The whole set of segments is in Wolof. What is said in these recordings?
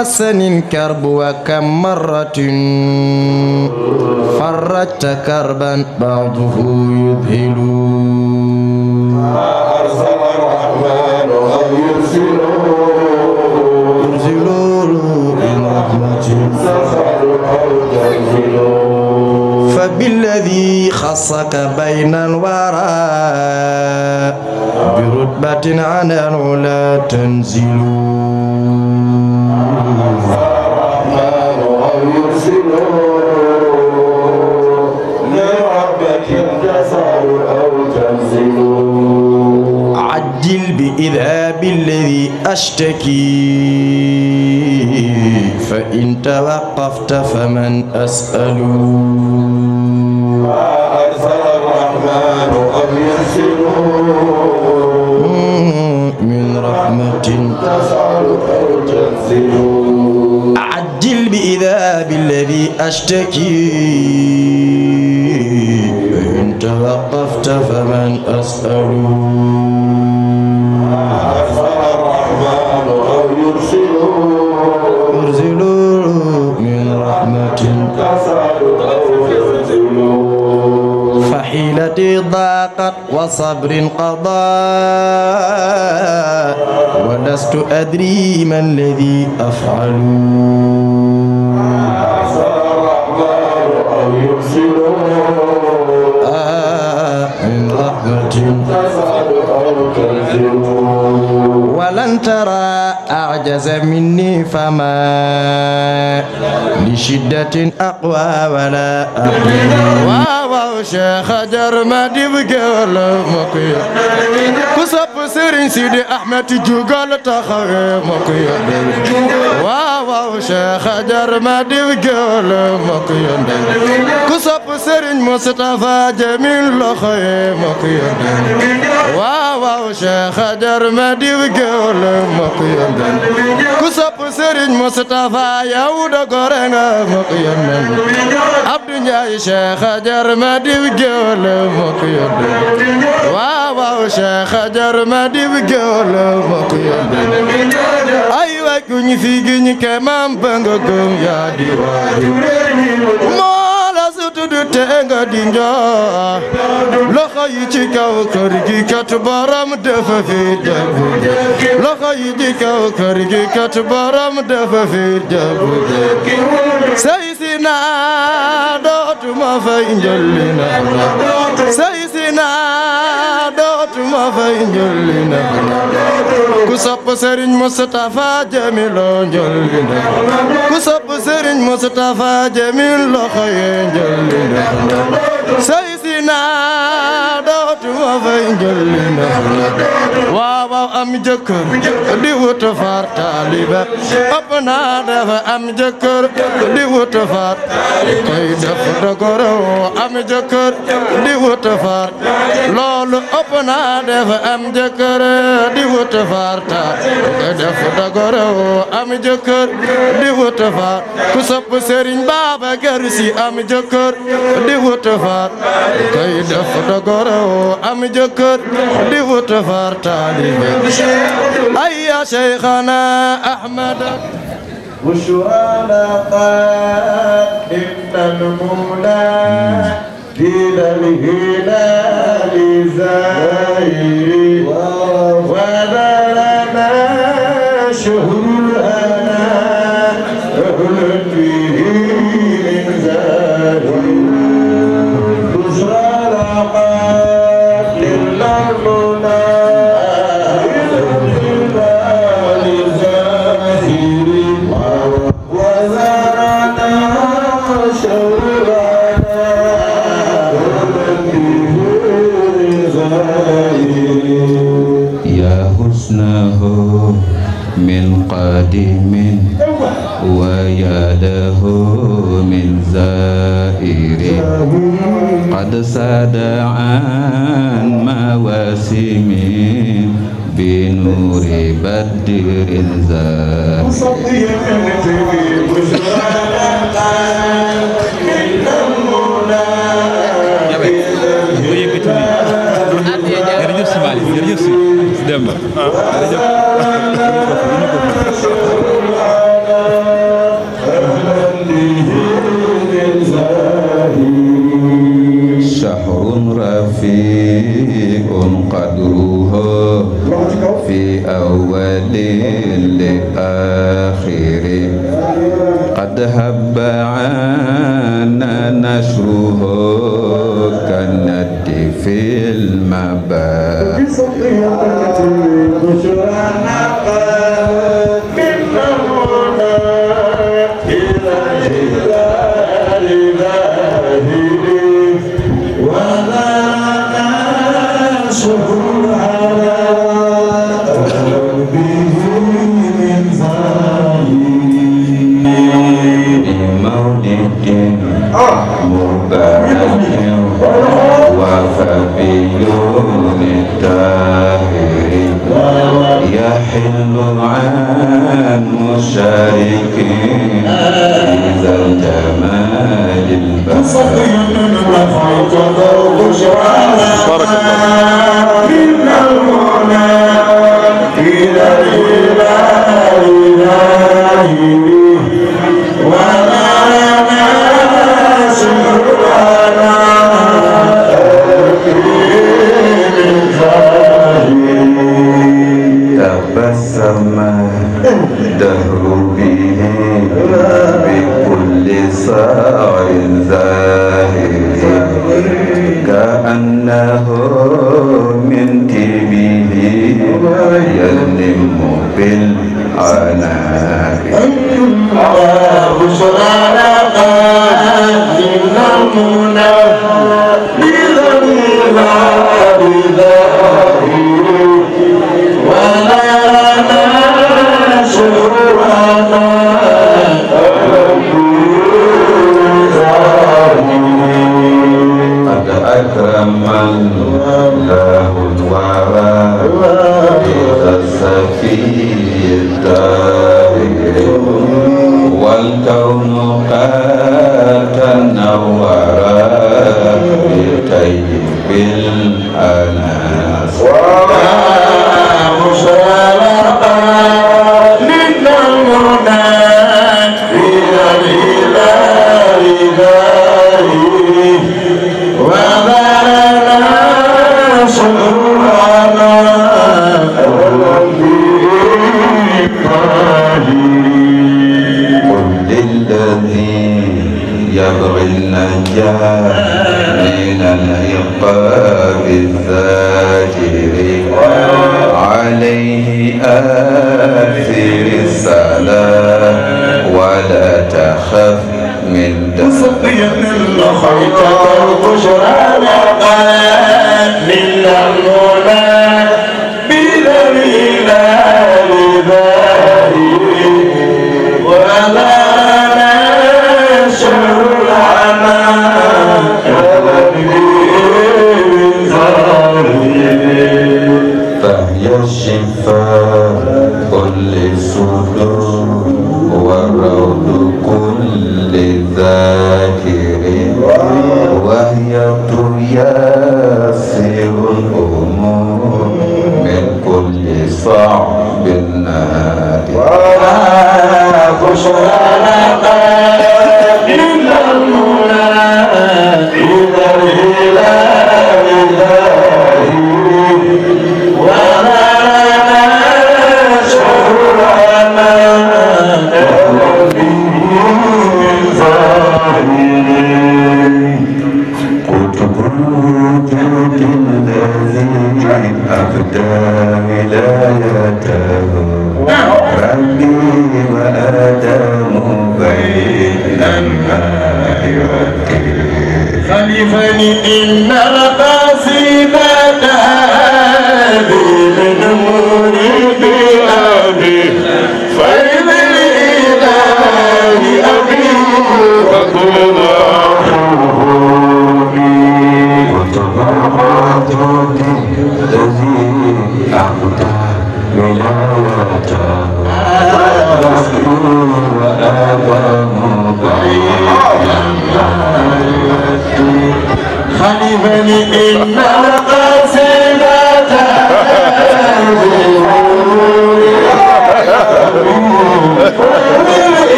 مسني الكرب وكم مرة فرجت كربا بعضه يذهل ما أرسل الرحمن أن يرسلوا يرسلوا من رحمة سخروا أو جهلوا فبالذي خصك بين الورى برتبة عن العلا تنزلوا إذا بالذي أشتكي فإن توقفت فمن أسأل ما أرسل الرحمن أم يرسل من رحمة تسأل أو تنزل إذا بالذي أشتكي إن توقفت فمن أسأل التي ضاقت وصبر قضاء ولست أدري ما الذي أفعل من رحمة ولن ترى أعجز مني فما لشدة أقوى ولا أحمل aw Cheikh Ajar ma dib géwél moo ko yor ku sopp Serigne Sidi Ahmed jugal taxawee moo ko yor waaw waaw Cheikh Ajar ma dib géwél moo ko yor ku sopp Serigne Moustapha Jamil loxo yee moo ko yor waaw waaw Cheikh Ajar ma dib géwél moo ko yor sëriñ Moustapha yow da gore nga mokk yónneen Abdou Ndiaye Cheikh Ajar ma diw géwël mokk yónneen waaw waaw Cheikh Ajar ma diw géwël mokk yónneen ay waay ku ñu fi gi ñu ke maam ba nga gëm yaa di waaju du tee nga di njaa loxo yi ci kaw kër gi kat baram dafa fi jabu loxo yi ci kaw kër gi kat baram dafa fi jabu say si naa dootuma fay njolli naa say si naa dootuma fay njolli naa ku sopp sëriñ Mustafa jamiloo njolli naa ku sopp sëriñ Mustafa jamil loxo yee njolli Seydina yaatu ma ëpp naa dafa am jëkkër di wut far koy def dogoro am jëkkër am jëkkër di wut far ta koy def dogoro am jëkkër di wut far taalibe ayya Seyxana Ahmad بشرى لقاء إن المولى دين الهلال زائر خادم ويده من زائر قد ساد عن مواسم بنور بدر زائر jërëjëf si Malick jërëjëf si Demba jërëjëf لآخره قد هب عنا نشره كالنت في المبادئ المشارق إذا الجمال البصر وفوق ضرب شعراء من المنى إلى الإله إلهي ولا ناس been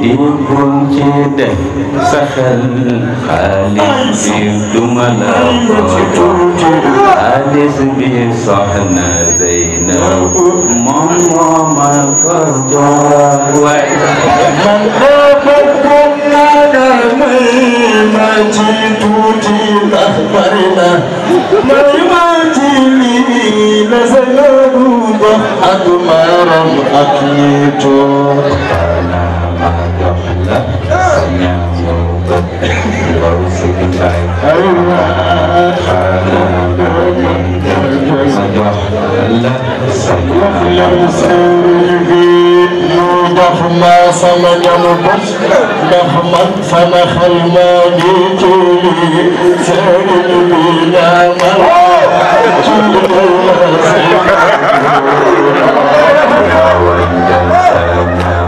dimbul ci def saxal xaalis bi duma la ko xaalis bi soxna Zeynab moom moo ma ko jox waay man dapat bom naa dal may ma ci tuuti ndax bari na may ma ci lii la sa loolu dox ak maram ak ñi toog sama ñamu bët ndax man sama xel maa ngi tuuli seen bi ñaamal tuutal ma sama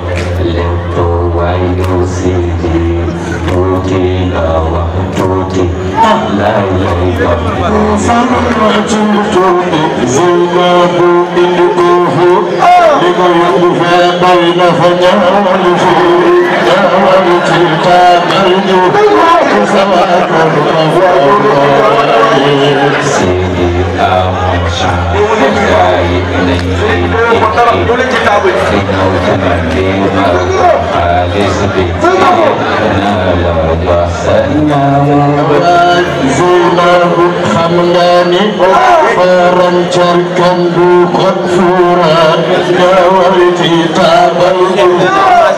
سيدي توتي لا وحدوتي لا إليك فمرجوتني زينب إلقوه لكي يدفع بين فجعل فيه يا ولدي تعمله سيدي لا مرجع إليك dara doo leen ci taabu yi فارا تركا ذو قد فورا ناولت تابلت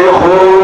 يخرج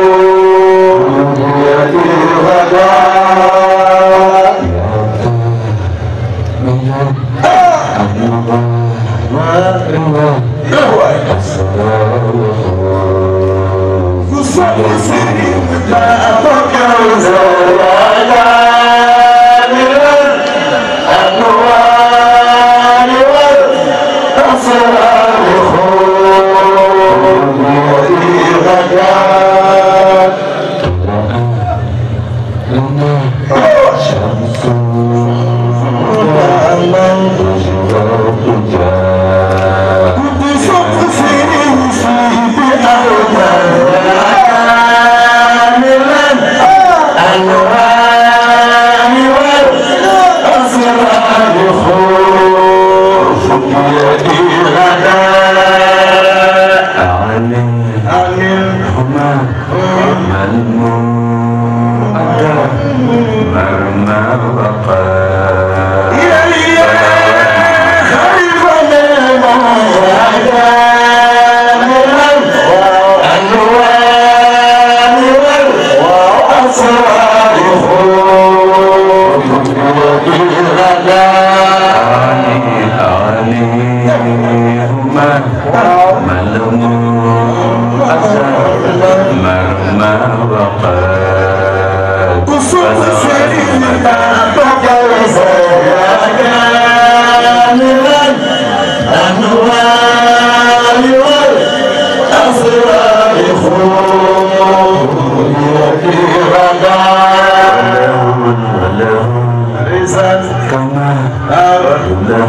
عزت كما عنده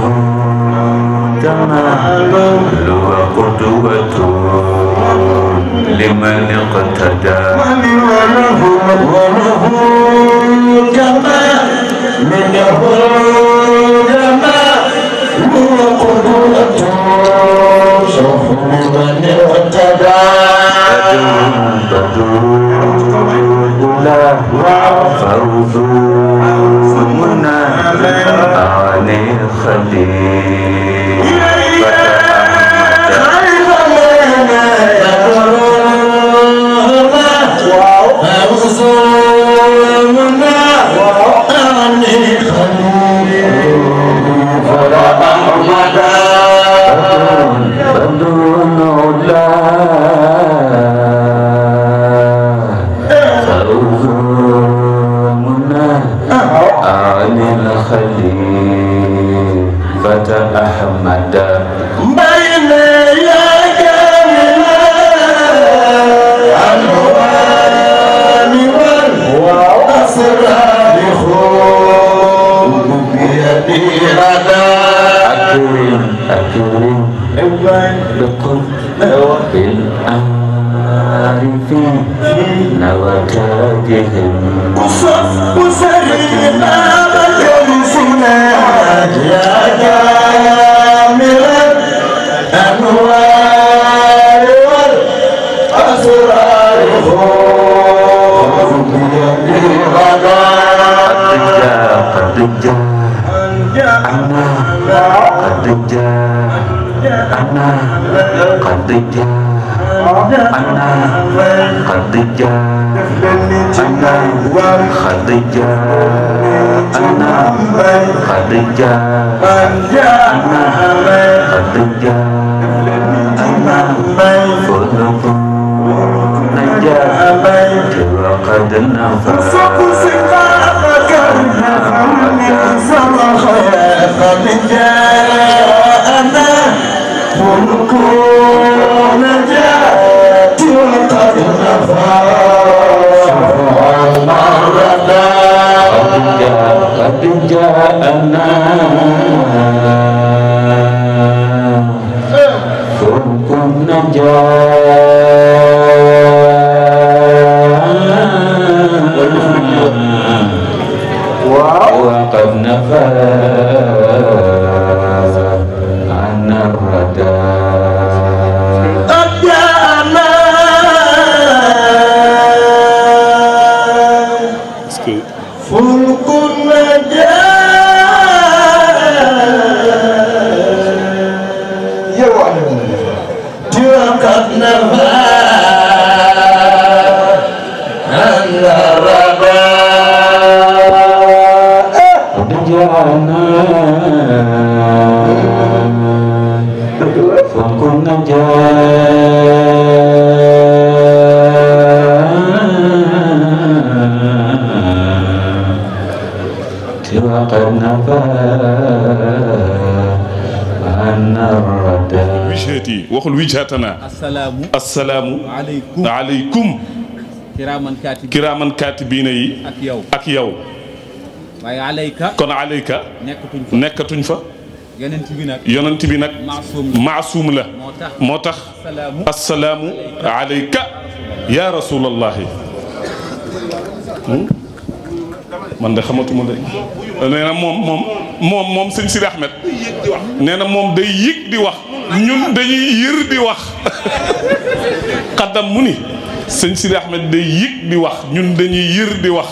كمال هو قدوة لمن اقتدى من وله وله كما منه كما هو قدوة شوف لمن اقتدى بدر بدر العلا فوزنا عن الخليل فوزنا عن الخليل أكرم أكرم بقر بالعارفين نوكاتهم وسرنا مجلسنا يا جامل الأنوار والأسرار خذ بيدي غدا قد جاء قد جاء أنا قد جاء أنا قد جاء أنا قد جاء أنا قد جاء أنا قد جاء أنا قد جاء أنا فلقوا نجاة وقد نفى من صلح قد جاءنا ملكون جاءت وقد نفى قد جاءنا فرق النجاه فلا waxul wijhatana assalaamu assalaamu aleykum kiraaman kaati kiraaman kaatibiina yi ak yow waaye alayka kon alayka nekkatuñ fa nekkatuñ fa yonent bi nag yonent bi nag maasuum la moo tax assalaamu alayka yaa rasuulallahi man de xamatuma de nee moom moom moom moom sëñ Sidi Ahmed nee na moom day yëg di wax ñun dañuy yër di wax xaddam mu ni sëñ Sidi Ahmed day yëg di wax ñun dañuy yër di wax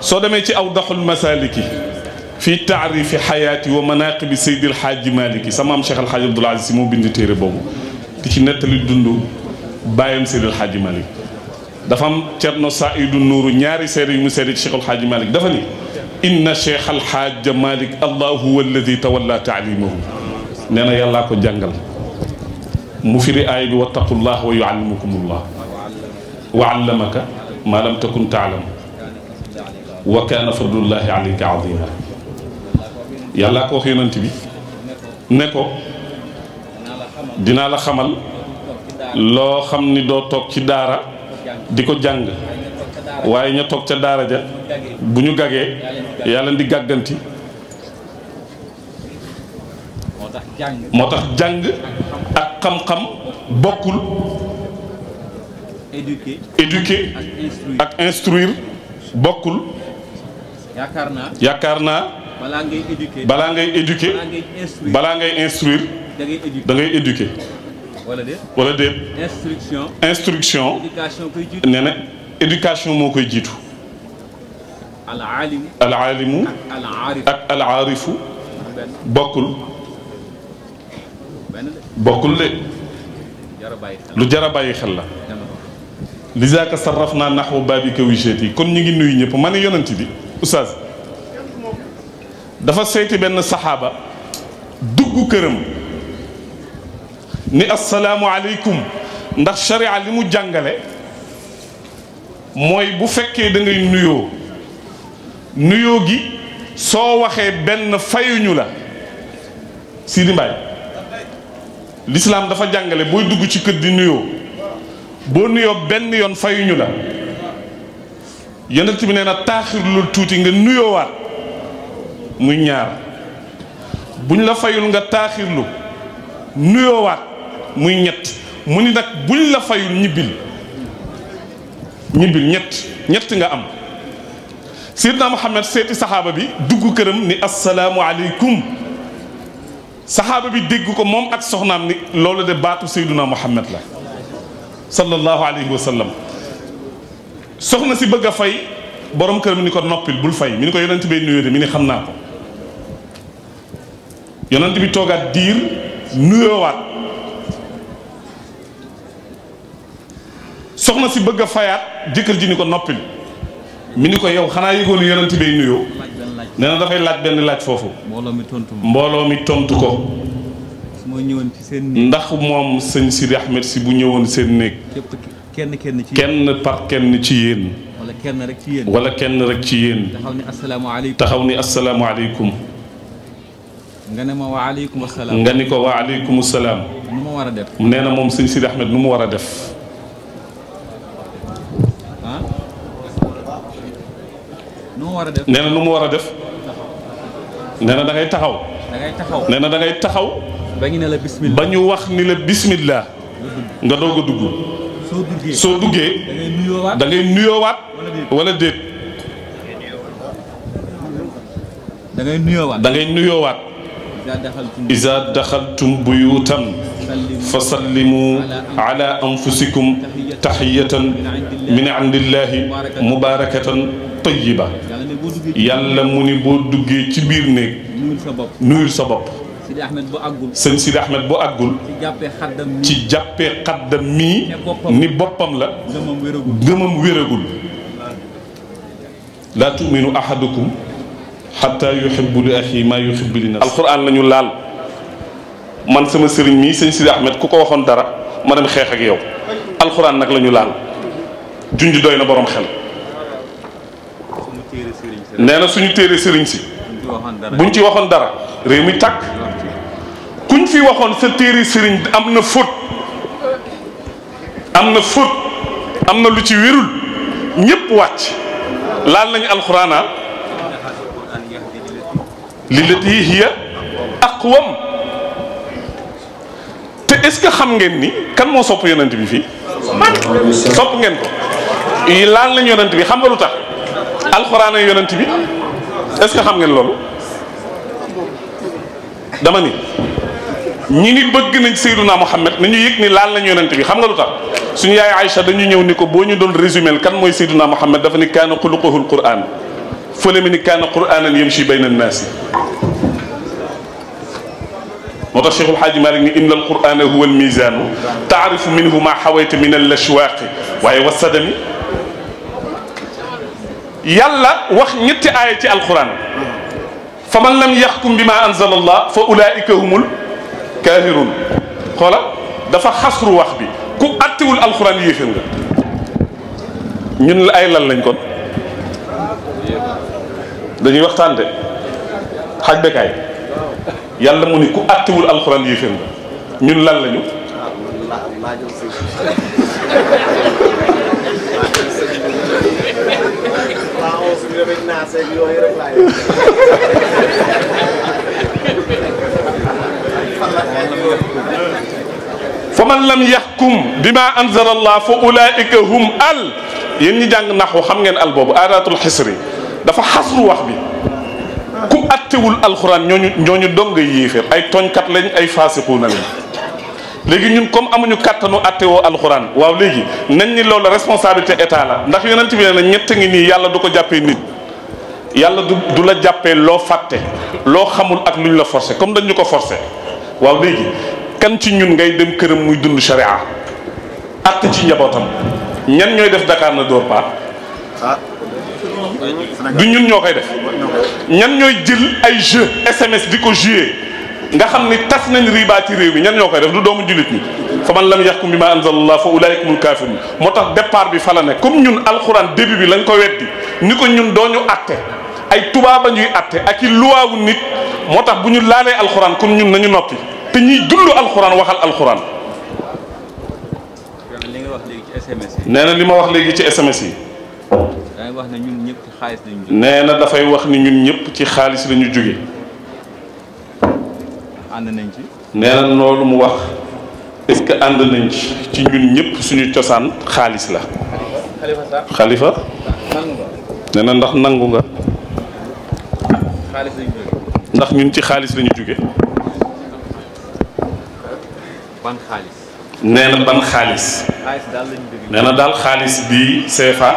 soo demee ci aw daxul masaliki fii taarifi xayaati wa manaqibi Seydi El Hadji Maliki sama am Cheikh El Hadji Abdoul Aziz Si moo bind téere boobu di ci nettali dund bàyyam Seydi El Hadji dafa am Cerno Saidu Nuuru ñaari seede yu mu seede ci Cheikh El Hadj Malick dafa ni inna Cheikh El Hadj Malick allahu huwa alladi tawalla taalimahu nee na yàllaa ko jàngal mu firi aaya bi wattaqullah wa yuallimukumullah wa allamaka ma lam takun taalam wa kaana fadlullahi alayka azima yàllaa ko wax yonent bi ne ko dinaa la xamal loo xam ni doo toog ci daara di ko jàng waaye ña toog ca daara ja bu ñu gagee yàlla di gàgganti moo tax jàng ak xam-xam bokkul éduquer ak instruire bokkul yaakaar naa balaa ngay éduquer balaa ngay instruire da ngay wala déet wala déet. instruction instruction. éducation koy na éducation moo koy jiitu. al aalimu al aalimu ak al aarifu bokkul. bokkul de lu jar a bàyyi xel la. lisaaka sarraf naa naxwu baabika wijeet yi kon ñu ngi nuyu ñëpp man ne yonent bi oustaz dafa seeti benn saxaaba dugg këram. ni asalaamualeykum ndax sharia li mu jàngale mooy bu fekkee da nuyoo nuyoo gi soo waxee benn fayuñu la Sidi Mbaye lislaam dafa jàngale booy dugg ci kër di nuyoo boo nuyoo benn yoon fayuñu la yonent bi nee na tuuti nga nuyoowaat muy ñaar buñ la fayul nga taaxirlu nuyoowaat muy ñett mu ni nag buñ la fayul ñibbil ñibbil ñett ñett nga am Seydina Muhammad seeti saxaaba bi dugg këram ni asalaamu aleykum saxaaba bi dégg ko moom ak soxnaam ni loolu de baatu Seydina Muhammad la sallallahu alayhi wa sallam soxna si bëgg a fay borom këram ni ko noppil bul fay mi ni ko yonent bay nuyoo de mi ni xam naa ko yonent bi toogaat diir nuyoowaat soxna si bëgg a fayaat jëkkër ji ni ko noppil mu ni ko yow xanaa yëgoon yonent bay nuyoo nee na dafay laaj benn laaj foofu mbooloo mi tontu ko ci seen ndax moom sëñ Sidi Ahmed si bu ñëwoon seen néeg kenn par kenn ci yéen wala kenn rek ci yéen taxaw ni asalaamaaleykum nga ne ma waaleykum salaam nga ni ko waaleykum salaam nee na moom sëñ Sidi Ahmed nu mu war a def war a def nee na lu mu war a def. nee na da ngay taxaw. da ngay taxaw nee na da ngay taxaw. ba ñu ne la bismillah ba ñu wax ni la bismillah. nga doog a dugg. soo duggee soo duggee. da ngay nuyoowaat da ngay nuyoowaat wala déet. da ngay nuyoowaat da ngay nuyoowaat. iza daxaltum buyuutan fa sallimu ala anfusikum taxiyatan min indillahi mubarakatan tayyiba yàlla mu ni boo duggee ci biir néeg nuyul sa bopp Sidi Ahmed bu àggul sëñ Sidi Ahmed bu àggul ci jàppee xaddam mii ni boppam la gëmam wéragul laa tuminu ahadukum xatta yuhibbu li axi maa yuhibbu li nafsi alxuraan la ñu laal man sama sëriñ mii sëñ Sidi Ahmed ku ko waxoon dara ma dem xeex ak yow alxuraan nag lañu ñu laal junj doy na borom xel nee na suñu téere sëriñ si buñ ci waxoon dara réew mi tàkk kuñ fi waxoon sa téere sëriñ am na fóot am na fóot am na lu ci wérul ñëpp wàcc laal nañu alxuraana ah. lillati hiya aqwam te est-ce que xam ngeen ni kan moo sopp yonent bi fii sopp ngeen ko laal nañ yonent bi xam nga lu tax alxuraan ay yonent bi est-ce que xam ngeen loolu dama ni ñi ni bëgg nañ Seyduna Muhammad nañu yëg ni laal nañ yonent bi xam nga lu ta suñu yaay Aïcha dañu ñëw ni ko boo ñu doon résumé kan mooy Seyduna Muhammad dafa ni kaana xuluquhul quraan fële mi ni kaana quraanan yamshi bayna naas moo tax Cheikhul Xaaji Malik ni inna alqurana huwa almizaanu taarifu minhu ma xawayta min allashwaaqi waaye wasadami yàlla wax ñetti aaya ci alquran fa man lam yaxkum bi ma anzala allah fa ulaika humul kafirun xoola dafa xasru wax bi ku attiwul alquran yéefér nga ñun la ay lan lañ kon dañuy waxtaante xaj bekaay yàlla mu ni ku attiwul alquran yéefér nga ñun lan lañu fa man lam yaxkum bima anzala allah fa ulaika hum al yéen ñi jàng naxu xam ngeen al boobu aadatul xisri dafa xasru wax bi ku attewul alxuraan ñooñu ñooñu dong nga yéeféer ay tooñkat lañ ay faasiquuna lañ léegi ñun comme amuñu kàttanu attewoo alxuraan waaw léegi nañ ni loolu responsabilité état la ndax yonent bi nee na ñett ngi nii yàlla du ko jàppee nit yàlla du du la jàppee loo fàtte loo xamul ak lu ñu la forcé comme dañu ko forcé waaw léegi kan ci ñun ngay dem këram muy dund sharia àtte ci njabootam ñan ñooy def Dakar na dóor paa ah. du ñun ñoo koy def ñan ñooy jël ay jeu SMS di ko jouer nga xam ni tas nañ riba ci réew bi ñan ñoo koy def du doomu jullit ñi fa man lam yaxkum bi ma anzalallah fa ulaikumul kafirun moo tax départ bi fa la ne comme ñun alxuraan début bi lañ ko weddi ni ko ñun ñu atte ay tubaaba ñuy atte ak i luwaawu nit moo tax bu ñu laalee alxuraan comme ñun nañu noppi te ñuy dund alxuraan waxal alxuraan. li nga wax léegi nee na li ma wax léegi ci SMS yi. wax ne ñun ñëpp ci nee na dafay wax ni ñun ñëpp ci xaalis lañu jóge. ànd nañ nee na loolu mu wax est-ce que ànd nañ ci ñun ñëpp suñu cosaan xaalis la. xalifa nee na ndax nangu nga. ndax ñun ci xaalis lañu jóge ban ban xaalis. nee na daal xaalis bii CFA.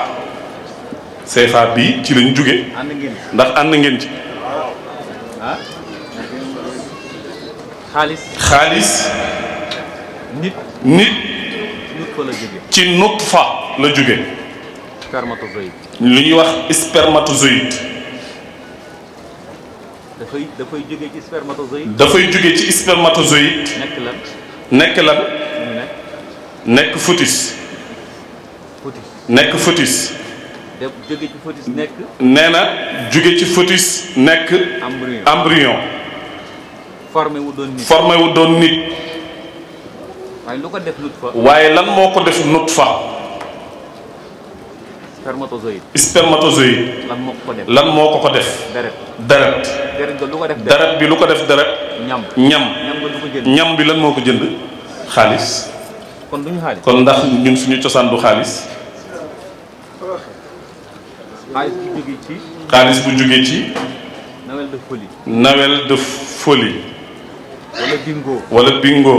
CFA bi ci lañu jóge ndax ànd ngeen ci. Ah? xaalis xaalis. nit nit. ci nutfa la jóge spermatozoïde. lu ñuy wax spermatozoïde. dafay dafay jóge ci spermatozoïde. dafay jóge ci spermatozoïde. nekk lan. nekk fotis nekk fœtus. fœtus. jóge ci fœtus nekk. nee na jóge ci fœtus nekk. embryon formé wu doon nit doon nit. waaye lu ko def nut waaye lan moo ko def nut fa. spermatozoïde. spermatozoïde. lan moo ko ko def lan moo ko ko def. deret deret. deret bi lu ko def deret bi lu ko def deret. ñam ñam. ñam bi lan moo ko jënd xaalis. kon duñu xaalis kon ndax ñun suñu cosaan du xaalis. xaalis bu jógee ci. xaalis bu jógee ci. nawel de folie. wala bingo. wala bingo.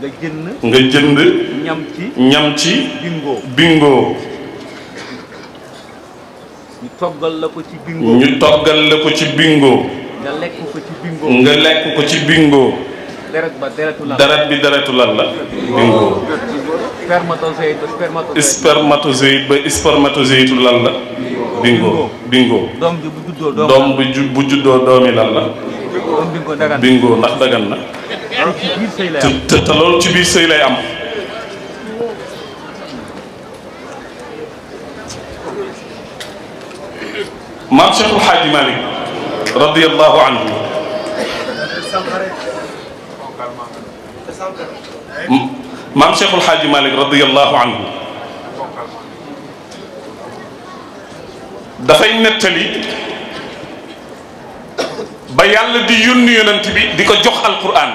nga jënd. nga jënd. ñam ci ñam ci. toggal la ko ci bingo. ñu toggal la ko ci bingo. nga lekk ko ci bingo. nga lekk ko ci bingo. deret bi deretu lan la bingo spermatozoïde ba spermatozoïde lan la bingo bingo doom bu ju bu juddoo doomi lan la bingo ndax dagan na te te loolu ci biir sëy lay am maam Cheikh El Hadji Malick radiyallahu anhu maam Cheikhul Xaaji Malick radiyallahu anhu dafay nettali ba yàlla di yónni yonent bi di ko jox alquran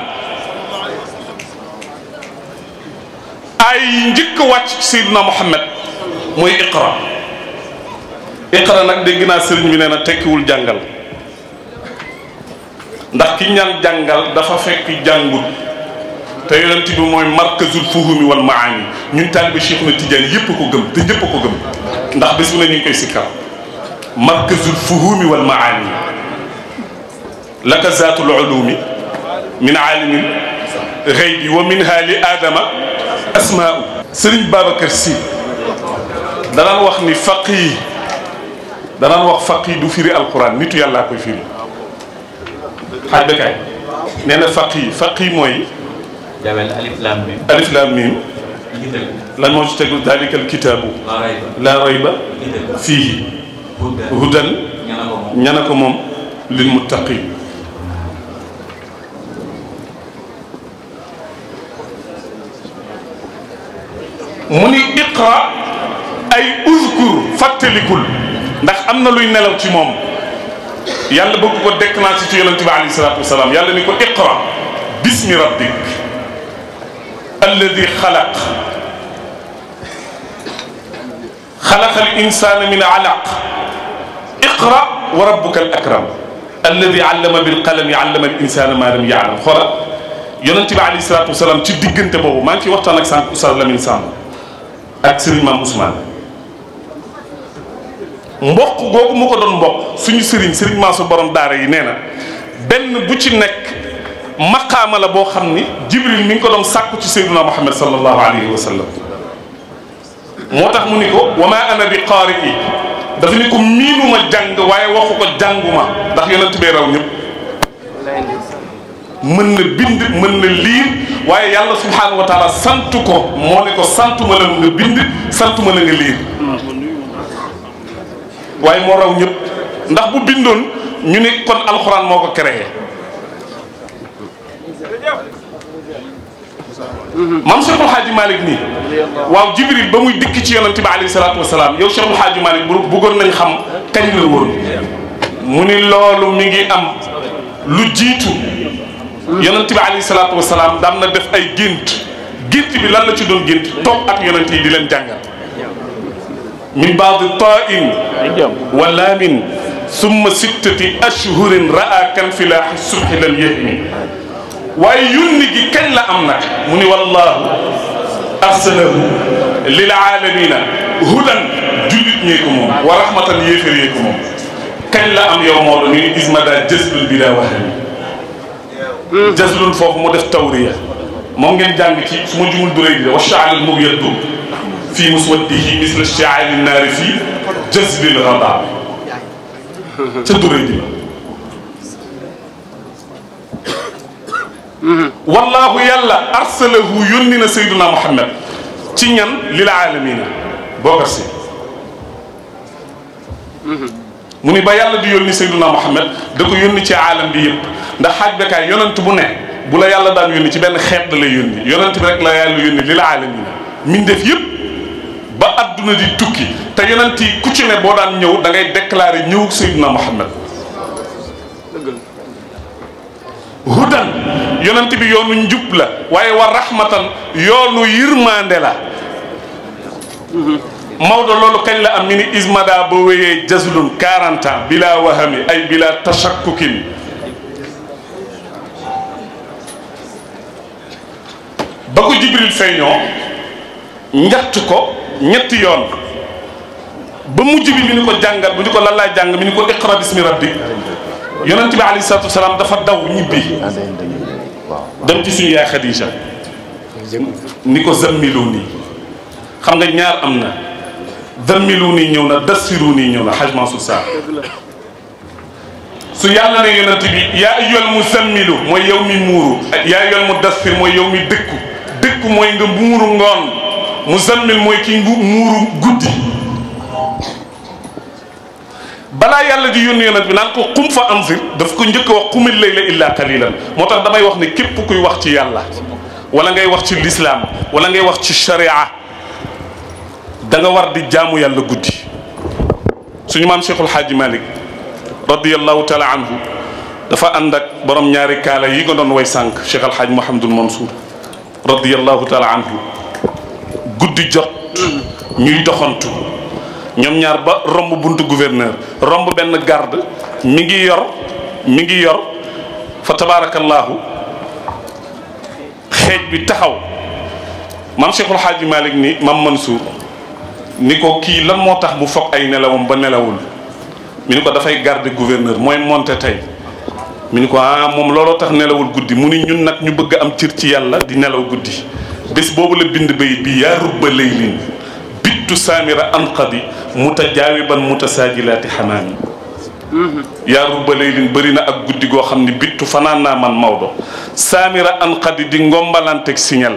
ay njëkk wacc Seydina Muhammad mooy iqra iqra nag dégg naa sëriñ bi nee tekkiwul jàngal ndax ki ñaan jàngal dafa fekk jàngut te yonent bi mooy markazul fuhumi wal maani ñun taalibe Cheikh na Tidiane yëpp ko gëm te ñëpp ko gëm ndax bés bu ne ñu ngi koy sikkar markazul fuhumi wal maani laka zaatul ulumi min aalimin xaybi wa minha li aadama asmaau sëriñ Babacar Sy danaan wax ni faq yi danaan wax faq yi du firi alquran nitu yàllaa koy firi xaaj bakaay nee na faq yi faq yi mooy jaawel alif laam miim. alif laam miim. lan moo ci tegu daalikal kitaabu. laa rayba fiihi. hudan ñana ko moom lil muttaqin mu ni iqra ay uzkur fàttalikul ndax am na luy nelaw ci moom yàlla bëgg ko déclenché ci yonente bi alayhi salaatu wasalaam yàlla ni ko iqra bismi rabbik alladi xalaq xalaqa al insana min alaq iqra wa rabbuka al akram alladi allama bil qalami allama al insana ma lam yaalam xoola yonent bi alayhi salaatu wasalaam ci diggante boobu maa ngi ciy waxtaan ak sànq Oustaz Lamine Samb ak Serigne Mame Ousmane mbokk googu mu ko doon mbokk suñu Serigne Serigne Mansour borom daara yi nee na benn bu ci nekk. maqaama la boo xam ni jibril mi ko doon sàkku ci sayduna muhammad sallallahu alayhi wa sallam moo tax mu ni ko wa ma ana bi qaari dafa ni ko miinuma jàng waaye waxu ko jànguma ndax yonent bee raw ñëpp mën na bind mën na liir waaye yàlla subhaanahu wa taala sant ko moo ne ko santuma la nga bind santuma la nga liir waaye moo raw ñëpp ndax bu bindoon ñu ne kon alxuraan moo ko créé maam Cheikhul Hadji Malick nii waaw Jibril ba muy dikk ci yonente bi alayhi salaatu wasalaam yow Cheikhul Hadji Malick bu bëggoon nañ xam kañ la woon mu ni loolu mi ngi am lu jiitu yonente bi alayhi salaatu wasalaam daan na def ay gént gént bi lan la ci doon gént toog ak yonente yi di leen jàngal min baadi tain wa laamin summa sittati ashhurin raa kan filaahi subhi lal yahmi waaye yónni gi kañ la am nag mu ni wallahu arsalahu lil alamina hudan jullit ñee ko moom wa rahmatan yéefar yee ko moom kañ la am yow moo doon ñu ni isma daa jëslul bi daa waxee jëslul foofu mu def tawriya moom ngeen jàng ci su ma jumul duréy bi la wa shaalul mug yaddu fii muswaddihi misla shaali naari fii jëslil rada ca duréy bi la wallaahu yàlla arsalahu yónni na sayduna muhammad ci ñan lil aalamiina bookar si mu ni ba yàlla di yónni sayduna muhammad da ko yónni ci aalam bi yëpp ndax xaaj bekaay yonent bu ne bu la yàlla daan yónni ci benn xeet la lay yónni yonent bi rek la yàlla yónni lil aalamiina min def yëpp ba adduna di tukki te yonent yi ku ci ne boo daan ñëw da ngay déclarer ñëw muhammad hudan yonent bi yoonu njub la waaye wa rahmatan yoonu yërmande la Maodo loolu kañ la am mi ni ismada ba wéyee jazlun 40 bila wahami ay bila tashakkukin ba ko jibril feeñoo njatt ko ñetti yoon ba mujj bi mi ni ko jàngal bu ñu ko lan laay mi ni ko iqra bismi rabbi yonent bi alayhi salaatu wasalaam dafa daw ñibbi dem ci suñu yaay Khadija ni ko zammilu nii xam nga ñaar am na zammilu nii ñëw na dassiru nii ñëw na xaj Mansour Sarr su yàlla ne yonent bi yaa ayyuhal muzammilu mooy yow mi muuru yaa ayyuhal mudassir mooy yow mi dëkku dëkku mooy nga muuru ngoon muzammil mooy ki muuru guddi balaa yàlla di yónni yonent bi naan ko xum fa anzir daf ko njëkk a wax a layla illa qalilan moo tax damay wax ne képp kuy wax ci yàlla wala ngay wax ci lislaam wala ngay wax ci sharia da nga war di jaamu yàlla guddi suñu maam Cheikhul Xaaji Malik radiyallahu taala anhu dafa ànd ak borom ñaari kaala yi nga doon way sànq Cheikh Al Hadj Mouhamadul Mansour radiyallahu taala anhu guddi jot ñuy doxantu. ñoom ñaar ba romb buntu gouverneur romb benn garde mi ngi yor mi ngi yor fa tabaarakallaahu xeej bi taxaw maam Cheikhul Xaaji ni ni man Mansour ni ko kii lan moo tax mu foog ay nelawam ba nelawul mu ni ko dafay garde gouverneur mooy monte tey mu ni ko ah moom looloo tax nelawul guddi mu ni ñun nag ñu bëgg am cër ci yàlla di nelaw guddi bés boobu la bind bay bi yaa rubba lay liin bittu saamira anqadi mutajaawiban mutasaajilaati xanaami yaa rubba laylin bëri na ak guddi goo xam ne bittu fanaan naa man Maodo saamira anqadi di ngombalanteeg signal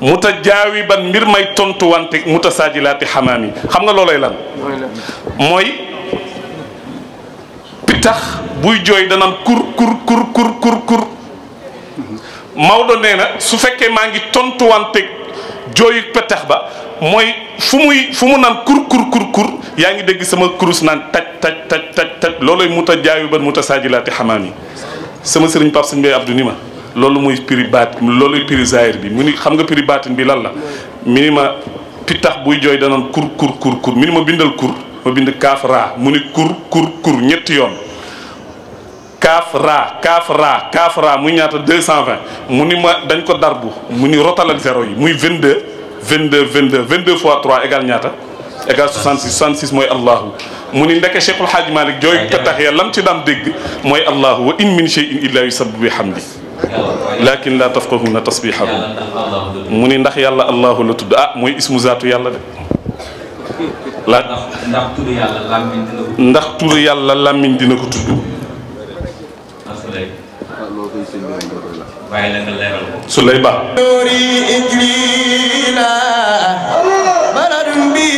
mutajaawiban mbir may tontuwanteeg mutasaajilaati xanaami xam nga loolay lan mooy pitax buy joy danaan kur kur kur kur kur kur Maodo nee su fekkee maa ngi tontuwanteeg jooyu pettax ba mooy fu muy fu mu naan kur kur kur kur yaa ngi dégg sama kurus naan taj taj taj taj taj loolooy mu ta jaayu ban mu ta saajilaati xamaam yi sama sëriñ Pape Sëñ Bay Abdou ni ma loolu muy prix baat looluy prix zahir bi mu ni xam nga prix baatin bi lan la mi ni ma pitax buy jooy danoon kur kur kur kur mi ni ma bindal kur ma bind kaaf raa mu ni kur kur kur ñetti yoon kaaf raa kaaf raa muy ñaata deux cent vingt mu ni ma dañ ko darbu mu ni rotalal zéro yi muy vingt deux vingt deux vingt deux vingt deux fois trois égal ñaata égal 66 66 mooy allahu mu ni ndeke Cheikhul Hadj Malick jooy ko tax lam ci daan dégg mooy allahu wa in min shay'in illa yusabbihu bihamdi lakin la tafqahuna tasbihahum mu ni ndax yàlla allahu la tudd ah mooy ismu zaatu yàlla de la ndax turu yàlla làmmiñ dina ko tudd tey. waaw loo koy sëñ bi nga koy laaj. waaye la nga leeral ko. su lay baax. بلد به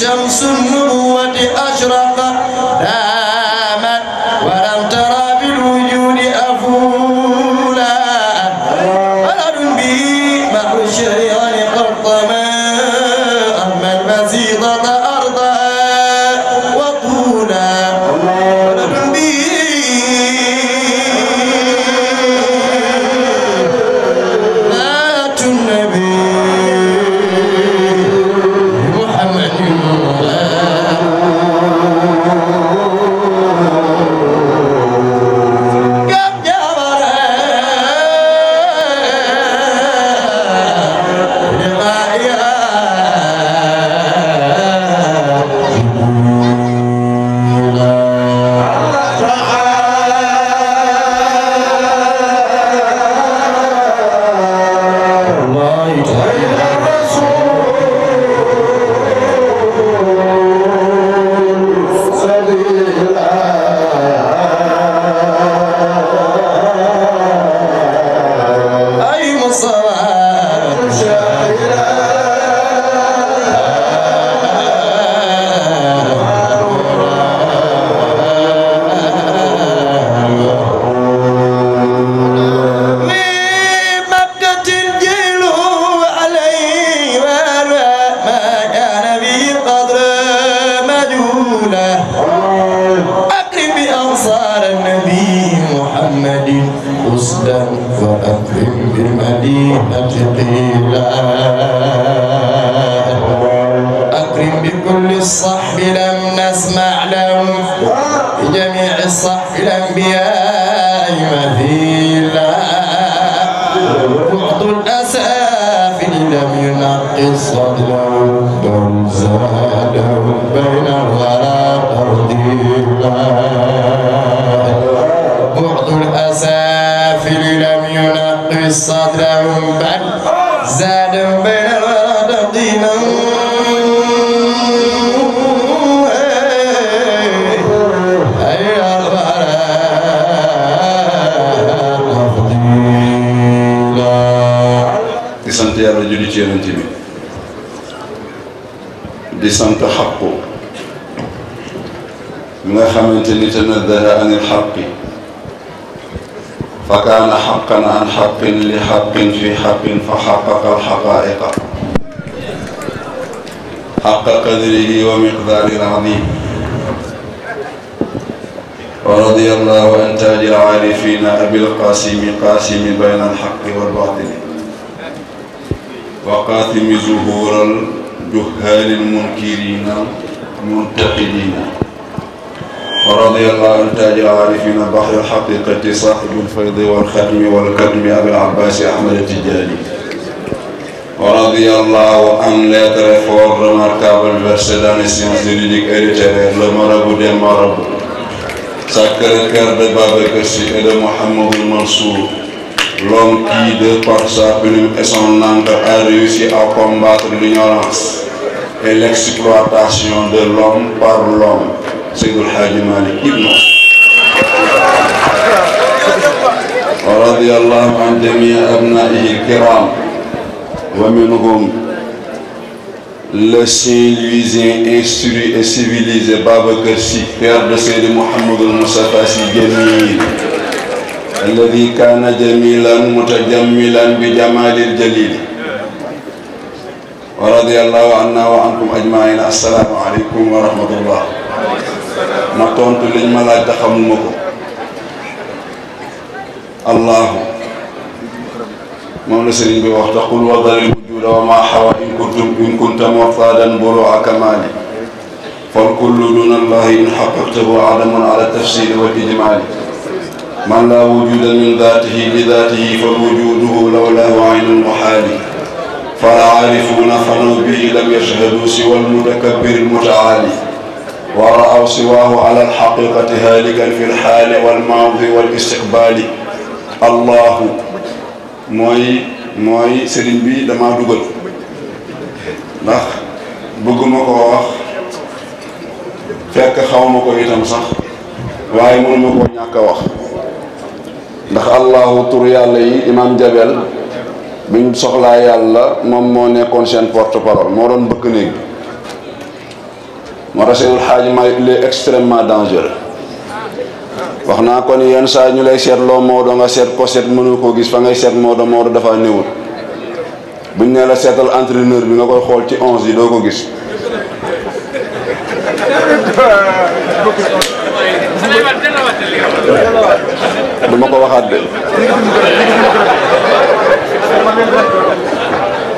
شمس النبوة أشرق di sant yàlla julli ci yonent bi di sant xaqu mi nga xamante ni tanazzaha an il xaqi fa kaana xaqan an xaqin li xaqin fi xaqin fa xaqaqa al xaqaa'iqa xaqa qadrihi wa miqdaarihi al aziim ورضي الله عن تاج العارفين أبي القاسم قاسم بين الحق والباطل وقاتم زهور الجهال المنكرين المنتقدين ورضي الله عن تاج العارفين بحر الحقيقة صاحب الفيض والختم والكتم أبي العباس أحمد التجاني ورضي الله عن لاتر فور remarquable versatile science juridique héritière le marabout des marabouts Sacré-Cœur de Babacar Sy et de Mouhamadou Mansour L'homme qui, de par sa plume et son encre, a réussi à combattre l'ignorance et l'exploitation de l'homme par l'homme. Seydi El Hadji Malick ibn ورضي الله عن جميع أبنائه الكرام ومنهم le Saint-Louisien instruit et civilisé Babacar Sy, père de Seydi Mouhamadou Moustapha Sy Djamil alladi kaana jamilan mutajammilan bi jamalil jalili wa radiyallahu anna wa ankum ajmain assalaamu aleykum wa rahmatullah ma tontu liñ ma laaj te xamuma ko allahu moom la sëriñ bi wax taqul wadaril wujuda wa ma xawa in kuntum in kunta muqtadan buru akamaali fal kullu duna allahi in xaqaqtahu adamun ala tafsiri wa ijmaali man laa wujuda min daatihi li daatihi fa wujuduhu lawlaahu aynu lmuhaali فالعارفون فنوا به لم يشهدوا سوى المتكبر المتعالي ورأوا سواه على الحقيقة هالكا في الحال والماضي والاستقبال الله mooy mooy sëriñ bi damaa dugal ndax bëgguma koo wax fekk xaw ma ko itam sax waaye mënuma koo ñàkk a wax ndax allahu tur yàlla yi imaam jabel biñ soxlaa yàlla moom moo nekkoon seen porte parole moo doon bëkk néeg bi moo tax xaaj ma il est extrêmement dangereux wax naa ko ni yenn saa ñu lay seet loo Maodo nga seet ko seet mënu ko gis fa ngay seet Maodo Maodo dafa néewul buñ ne la seetal entraîneur bi nga koy xool ci onze yi doo ko gis du ma ko waxaat de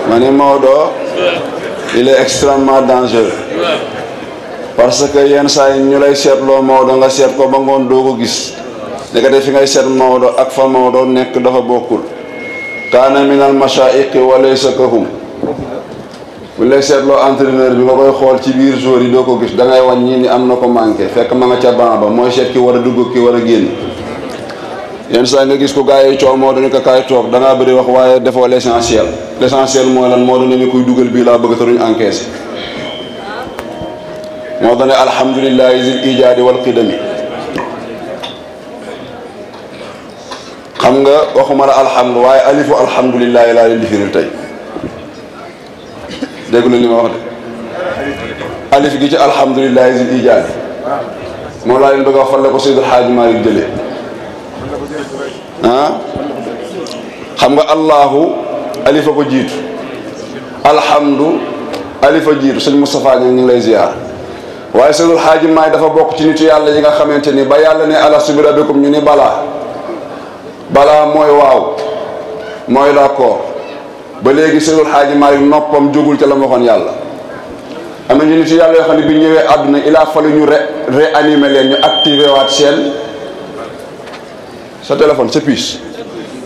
ma ne Maodo il est extrêmement dangereux parce que yenn saa yi ñu lay seetloo Maodo nga seet ko ba ngoon doo ko gis nekkate fi ngay seet Maodo ak fa doo nekk dafa bokkul kaana minal mashaa'iqi wa laysa kahum bu lay seetloo entraîneur bi nga koy xool ci biir joueur yi doo ko gis da ngay wàññi ni am na ko manqué fekk ma nga ca ban ba mooy seet ki war a dugg ki war a génn yenn saa nga gis ko gars yi coow moo doon ko kaay toog da ngaa wax waaye defoo l' essentiel l' essentiel mooy lan moo doon ne ni kuy dugal bii laa bëgg te duñ encaissé moo doon ne alhamdulilahi zil ijaadi wal qidami xam nga waxuma la alhamdu waaye alifu alhamdulilahi laa leen di firil dégg lu ma wax de alif gi ci alhamdulilahi zil ijaadi moom laa leen bëgg a la ko Seydou Hadj Malick jëlee ah xam nga allahu alifa ko jiitu alhamdu alifa jiitu sëñ Moustapha ñu ngi lay ziar waaye sëñul xaaji maay dafa bokk ci nitu yàlla yi nga xamante ni ba yàlla ne ala subira bikum ñu ni balaa balaa mooy waaw mooy d'accord ba léegi sëñul xaaji maay noppam jógul ca la ma waxoon yàlla am na ñu nitu yàlla yoo xam ne bi ñëwee àdduna il a fallu ñu réanimer leen ñu activé waat seen sa téléphone sa puce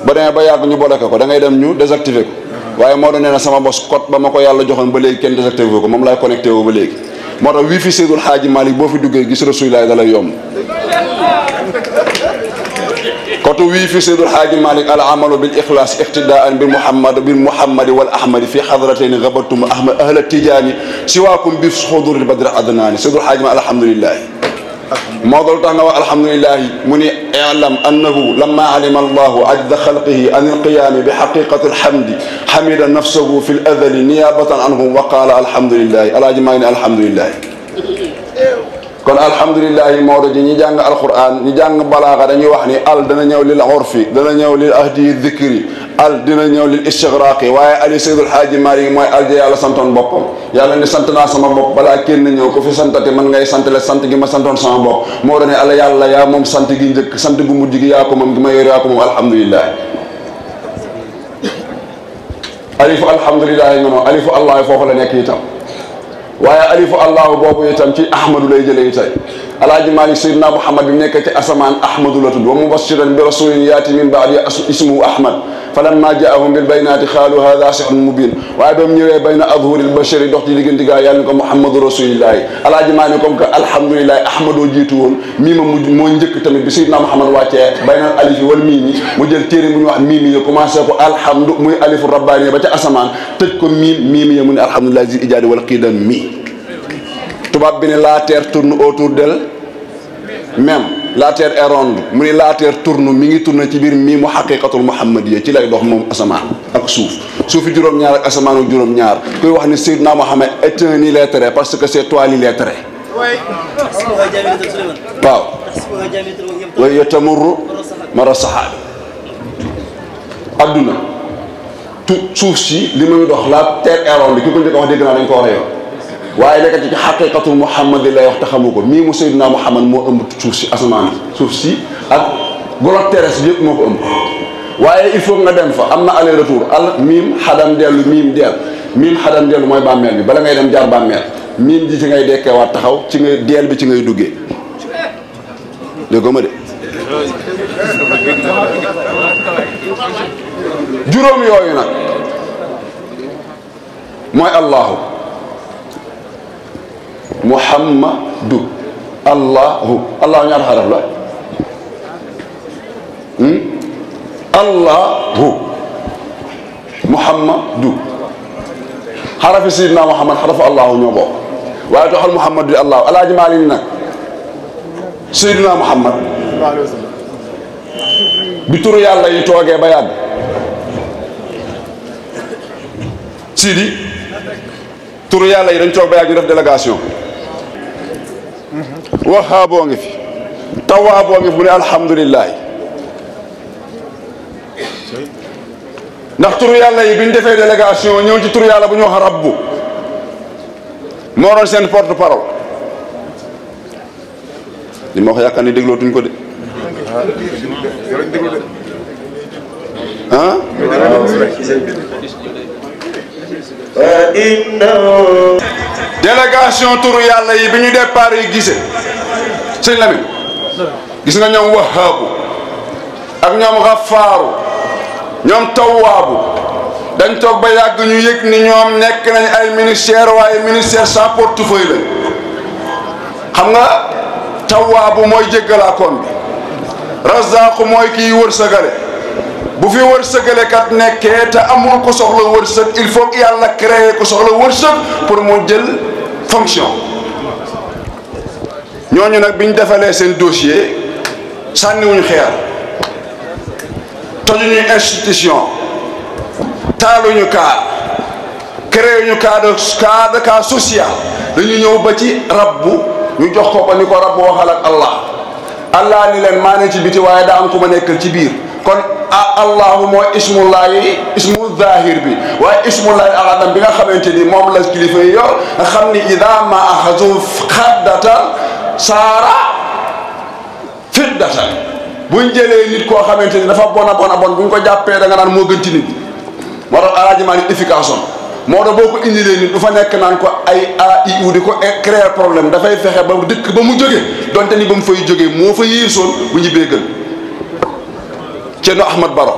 ba demee ba yàgg ñu bloqué ko da ngay dem ñu désactiver ko waaye moo doon nee na sama bos code ba ma ko yàlla joxoon ba léegi kenn désactiver ko moom laay connecté woo ba léegi moo tax wii fi Seydul Xaaji Malick boo fi duggee gis Rasulullah da lay yomb kotu wii fi Seydul Xaaji Malick al amalu bil ixlaas iqtidaan bi Muhammad bi Muhammadi wal Ahmadi fi xadratayni gabatum ahmad ahla tijaani siwaakum bi xuduril badri adnaani Seydul Xaaji Malick alhamdulilah Maodo lu tax nga wax alhamdulilahi mu ni i'lam annahu lamma alima allahu ajda xalqihi an ilqiyaami bi xaqiqati alhamdi xamida nafsahu fi l adali niyabatan anhum wa qaala alhamdulilahi alaaji maa ngi ne alhamdulilahi kon alhamdulilahi Maodo ji ñi jàng alquran ñi jàng balaaxa dañuy wax ni al dana ñëw lil urfi dana ñëw lil ahdi dikri al dina ñëw lil istigraqi waaye ali seydul haaji mari mooy al yàlla santoon boppam yàlla ni sant naa sama bopp balaa kenn ñëw ko fi santate man ngay sant la sant gi ma santoon sama bopp moo doon ne yàlla yaa moom sant gi njëkk sant gu mujj gi yaa ko moom gi ma yor yaa ko moom alhamdulilahi alifu alhamdulilahi nga noonu alifu allah foofu la nekk itam waaye alifu allahu boobu itam ci ahmadu lay jëlee tey alaaji maalik seydina muhammad bi nekk ci asamaan ahmadu la tudd wa mubashiran bi rasulin yaati min baadi ismuhu ahmad falamma jaahum bil baynaati xaalu hada sihrun mubin waaye ba mu ñëwee bayna adhuril bashari dox ci diggante gaa yàlla ni ko muhammadu rasulillahi alaaji maa ne comme que alhamdulilahi ahmadoo jiitu woon mii ma mujj moo njëkk tamit bi sayyidna muhammad wàccee bayna alifi wal miimi mu jël téere bu ñu wax miimi ya commencé ko alhamdu muy alifu rabbaani ba ca asamaan tëj ko miim miimi ya mu ne alhamdulilahi zil ijaadi wal qiidam mi tubaab bi ne la terre tourne autour d'elle même la terre est mu ni la terre tourne mi ngi tourne ci biir mii mu xaqiqatul muhammadiya ci lay dox moom asamaan ak suuf suufi juróom-ñaar ak asamaan ak juróom-ñaar kuy wax ni Seydina Mohamed est un illettré parce que c'est toi l'illettré waaw way yatamurru mara saxaabi adduna tu suuf si li muy dox la terre est ronde ko njëkk wax dégg naa dañ ko wax yoon waaye nekk ci xaqiqatu Muhammad lay wax te xamu ko mii mu Seydina Muhammad moo ëmb suuf si asamaan suuf si ak globe terrestre yëpp moo ko ëmb waaye il faut nga dem fa am na aller retour al miim xadam dellu miim deel miim xadam dellu mooy bàmmeel bi bala ngay dem jaar bàmmeel miim ji ci ngay dekkeewaat taxaw ci ngay deel bi ci ngay duggee déggoo ma de juróom yooyu nag mooy allahu muhammadu allahu allahu ñaata xaraf la hmm? allahu muhammadu xarafi sidna muhammad xarafu allahu ñoo bokk waaye toxal muhammadu di allahu alaaji maali ni nag sidna muhammad bi turu yàlla yi toogee ba yàgg sidi turu yàlla yi dañ toog ba yàgg ñu def délégation waxaaboo ngi fi tawaaboo ngi fi mu ne alhamdulilah ndax turu yàlla yi bi ñu defee délégation ñëw ci turu yàlla bu ñu wax rabbu moo doon seen porte parole li ma wax yaakaar ni déglootuñ ko de ah délégation turu yàlla yi bi ñu départ yi gise sëñ Lamine gis nga ñoom wahaabu ak ñoom xafaaru ñoom tawwaabu dañ toog ba yàgg ñu yëg ni ñoom nekk nañ ay ministère waaye ministère sans portefeuille lañ xam nga tawwaabu mooy jéggalaakoon bi razaaku mooy kii wërsëgale bu fi wërsëgale kat nekkee te amul ko soxla wërsëg il faut yàlla créer ko soxla wërsëg pour mu jël fonction ñooñu nag bi ñu defalee seen dossier sànniwuñu xeer tojuñu institution taaluñu cas créé ñu cas de social dañu ñëw ba ci rab ñu jox ko ko ni ko rab bu waxal ak Allah Allah ni leen maa ne ci biti waaye daa am ku ma nekk ci biir. kon ah allahu mooy ismullahi ismu zahir bi waaye ismullahi aladam bi nga xamante ni moom la kilifa yi yor nga xam ni ida ma axasu xaddatan saara fiddatan buñ jëlee nit koo xamante ni dafa bon a bon a bon buñ ko jàppee da nga moo gën ci nit moo tax alaaji maa ni efficace moo tax boo ko indilee nit du fa nekk naan ko ay aiu di ko e-, créer problème dafay fexe ba dëkk ba mu jógee donte ni ba mu fay jógee moo fa yéesoon bu ñibbee gën Thierno Ahmad Baro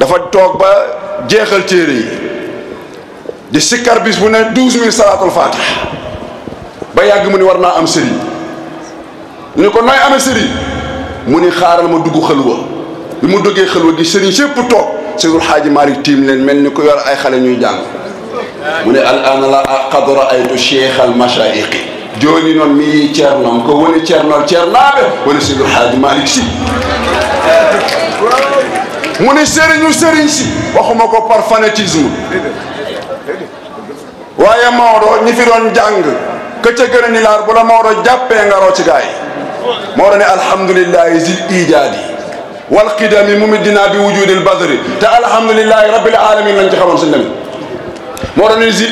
dafa toog ba jeexal téere yi di sikkar bis bu ne douze mille salaatul ba yàgg mu ni war naa am sëriñ ñu ko nooy amee sëriñ mu ni xaaral ma dugg xëlwa bi mu duggee xëlwa gi sëriñ sépp toog Seydul Xaaji Maalik tiim leen mel ni ko yor ay xale ñuy jàng mu ne al ana la qad raaytu cheikh al mashaayixi joni noon mi yii ceernom ko woni ceernol ceernaɓe woni seydu haaji malik sy muni sérigne u sérigne sy waxuma ko par fanatisme waye mawɗo ñifi ɗon jang keccegerani laar bula mawɗo jappe ngaro cigaye mawɗo ne alhamdoulillahi zil ijadi wal qidami mumidina bi wujudi l badri te alhamdoulillahi rabbil alamin lañ ci xamoon si ndemi moo doon si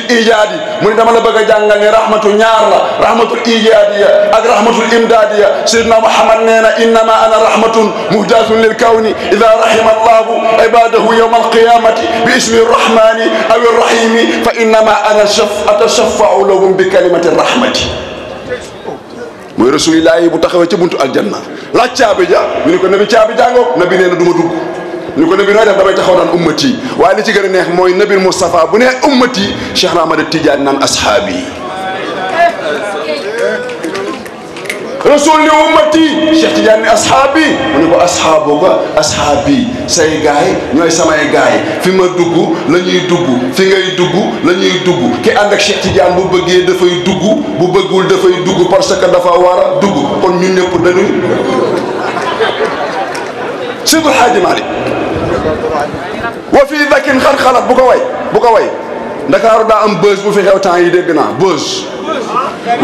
mu ne dama la bëgg a jàngal ne rahmatu ñaar la rahmatul ijaadiya ak rahmatul imdaadiya sayyidna Muhammad nee na innama ana lil kawni ida rahima allahu ibadahu yawma alqiyamati bi rahmani aw rahimi fa innama ana atashafau lahum bi kalimati rahmati mooy bu taxawee ci buntu aljanna laaj caabi ja ñu ne ko nabi ni ko nabi nooy def damay taxaw naan ummati waaye li ci gën a neex mooy nabil Moustapha bu nee ummati Cheikh Ahmad Tidiane naan asxaabi rasul ni ummati Cheikh Tidiane ni asxaabi mu ñooy samay fi ma dugg lañuy ñuy dugg fi ngay dugg lañuy ñuy dugg ki ànd ak Cheikh Tidiane bu bëggee dafay dugg bu bëggul dafay dugg parce dafa war a dugg kon ñun ñëpp dañuy Seydou Hadji wa fii dakin xar xalaat bu ko way bu ko way ndakaaru daa am bës bu fi xew yi dégg naa bës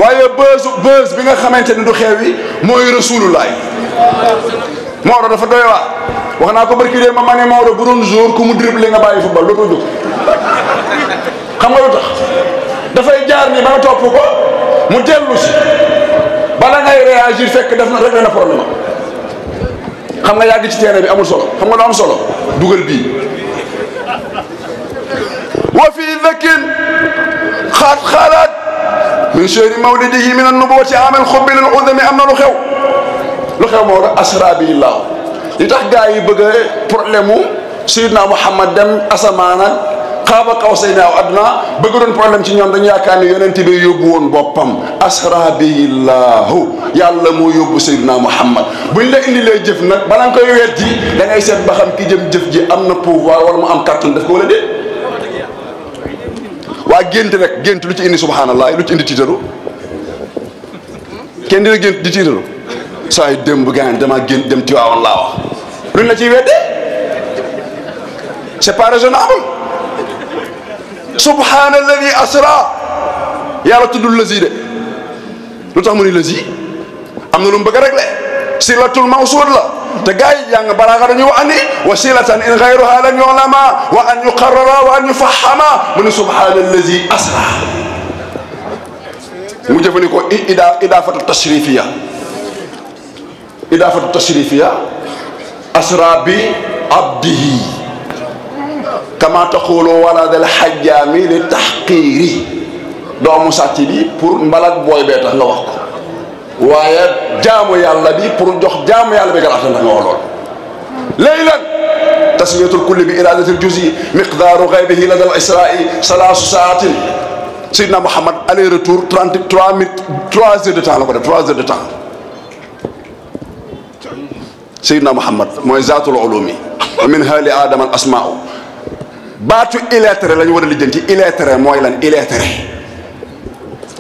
waaye bës bës bi nga xamante ni du xew yi mooy rasulullah Maodo dafa doy wax naa ko barki dee ma ma ne Maodo bu doon nga bàyyi football dootoo jóg xam nga dafay jaar ni ba nga topp ko mu dellu si bala ngay fekk def na réglé na problème xam nga yàgg ci terrain bi amul solo xam nga lu am solo dugal bii wa fi dakin xaat xaalaat min shahri mawlidihi min annubuwati amal xubbi lil udami am na lu xew lu xew moo tax asra bi laaw li tax gars yi bëgg a problème mu Seydina Muhammad dem asamaan ak xaaba xaw say naaw adnaa bëgg doon problème ci ñoom dañu yaakaar ne yonent bi yóbbu woon boppam asra billaahu yàlla moo yóbbu sayyidina muhammad buñ la indilee jëf nag balaa nga koy wetti da ngay seet ba xam ki jëm jëf ji am na pouvoir wala mu am kàttan daf ko wala déet waa gént rek gént lu ci indi subhanallah lu ci indi tiitaru kenn dina gént di tiitaru saa yu démb gaan dama gént dem Tiwaawan laa wax luñ la ciy weddee c'est subhaana alladi asra yàlla tuddul lësi de lu tax mu ni lësi am na lu mu bëgg rek le silatul mawsuud la te gars yi yaa nga balaaxa dañu wa ani wa silatan in xayruha lam yulama wa an yuqarrara wa an yufahama mu ne subhaana alladi asra mu jëfandikoo ida idaafatu tashrifiya idaafatu tashrifiya asra bi abdihi kama taqulu walad al xajjaami li taxqiiri doomu sàcc bi pour mbalak booy bee tax nga wax ko waaye jaamu yàlla bi pour jox jaamu yàlla bi garaata tax nga wax loolu leylan tasmiyatul kulli bi iradatil juzi miqdaaru gaybihi lada al israai salaasu saatin Seydina Mouhamad aller retour trente trois minutes trois heures de temps la ko def trois heures de temps Seydina Mouhamad mooy zaatul ulumi wa minha li aadama al asmaau baatu illettré la ñu war a lijjanti illettré mooy lan illettré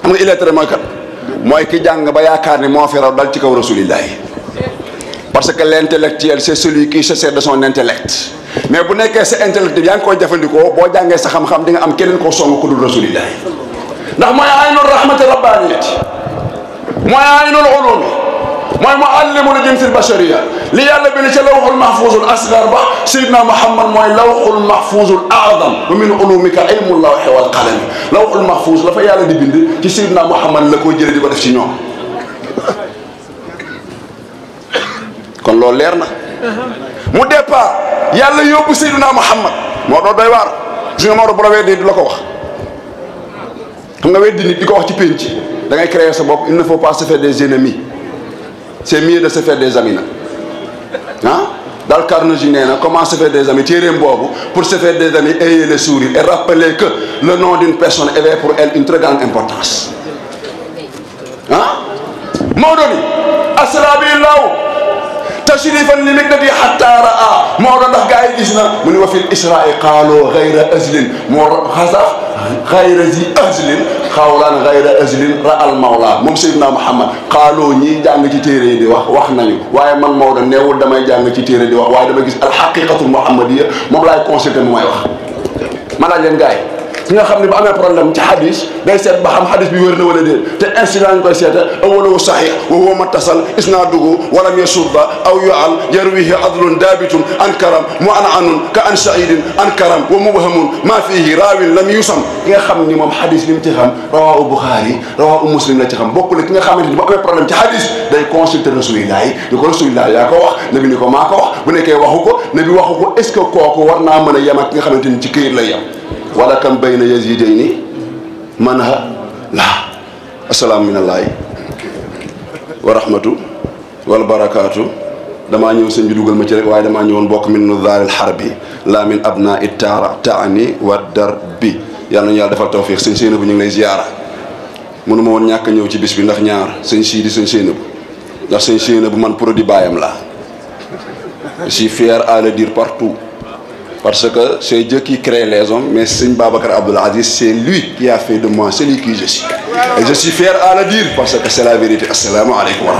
xam nga illettré mooy kan mooy ki jàng ba yaakaar ni moo fi raw dal ci kaw rasulillahi parce que l'intellectuel c'est celui kii sa sert de son intellect mais bu nekkee sa intellect yaa ngi koy jëfandikoo boo jàngee sa xam-xam di nga am keneen koo song ku dul rasulillahi ndax mooy aynul rahmati rabbaniyati mooy aynul ulumi mooy mu allimul jinsil bashariya li yàlla bi ni ca lawxul mahfuusul asgar ba sayidna Muhammad mooy lawxul mahfuusul aadam wa min ulumika ilmul lawxi wal qalami lawxul mahfuus la fa yàlla di bind ci sayidna Muhammad la ko jëlee di ko def ci ñoom kon loolu leer na mu départ yàlla yóbbu sayidna Muhammad moo doon doy waar su nga Maodo bu di la ko wax xam nga weddi di ko wax ci pénc da ngay créer sa bopp il ne faut des ennemis. c'est mieux de se faire des amis nag ah daal Carnegie nee na comment se faire des amis téeréem boobu pour se faire des amis ayez le sourire et rappelez que le nom d'une personne avait pour elle une très grande importance ah Maodo ni asrabi law tashrifan li miqdati hatta raa Maodo ndax gaa yi gis na mu ni wa fil isra'i qaalu ghayra azlin moo xasax ghayra zi azlin xawlaan gayra aslin ra al mawla moom Seydina Muhammad xaaloo ñii jàng ci téere yi di wax wax nañu waaye man Maodo neewul damay jàng ci téere di wax waaye dama gis alxaqiqatul muhammadiya moom laay consulté mu may wax ma laaj leen gars yi ki nga xam ne bu amee problème ci xadis day seet ba xam xadis bi wér na wala déet te incident ñu koy seeta awalawu saxix wa huwa mattasal isnaaduhu walam yasudda aw yual yarwihi adlun daabitun an karam mu an anun ka an saidin an karam wa mubhamun maa fihi raawin lam yusam ki nga xam ni moom xadis li mu ci xam rawaahu Buxaari rawaahu Muslim la ci xam bokku la ki nga xamante ni bu amee problème ci xadis day consulter rasulillah yi di ko rasulillah yaa ko wax nabi ni ko maa ko wax bu nekkee waxu ko nabi waxu ko est ce que kooku war naa mën a yem ak ki nga xamante ni ci këyit lay yem wala kam bayna yazidayni man ha laa assalaamu minallaahi wa rahmatu damaa ñëw sëñ bi dugal ma ci rek waaye damaa ñëwoon bokk min nuzaaril bi laa min abnaa ittaara taani wa dar bi yàlla nañu yàlla defal tawfiq sëñ Seynabou ñu lay ziyaara mënuma woon ñàkk ñëw ci bis bi ndax ñaar sëñ Sidi sëñ Seynabou ndax sëñ bu man produit baayam la je suis à le dire partout Parce que c'est Dieu qui crée les hommes, mais Seigne Babacar Abdul Aziz, c'est lui qui a fait de moi celui qui je suis. Et je suis fier à le dire parce que c'est la vérité. Assalamu alaikum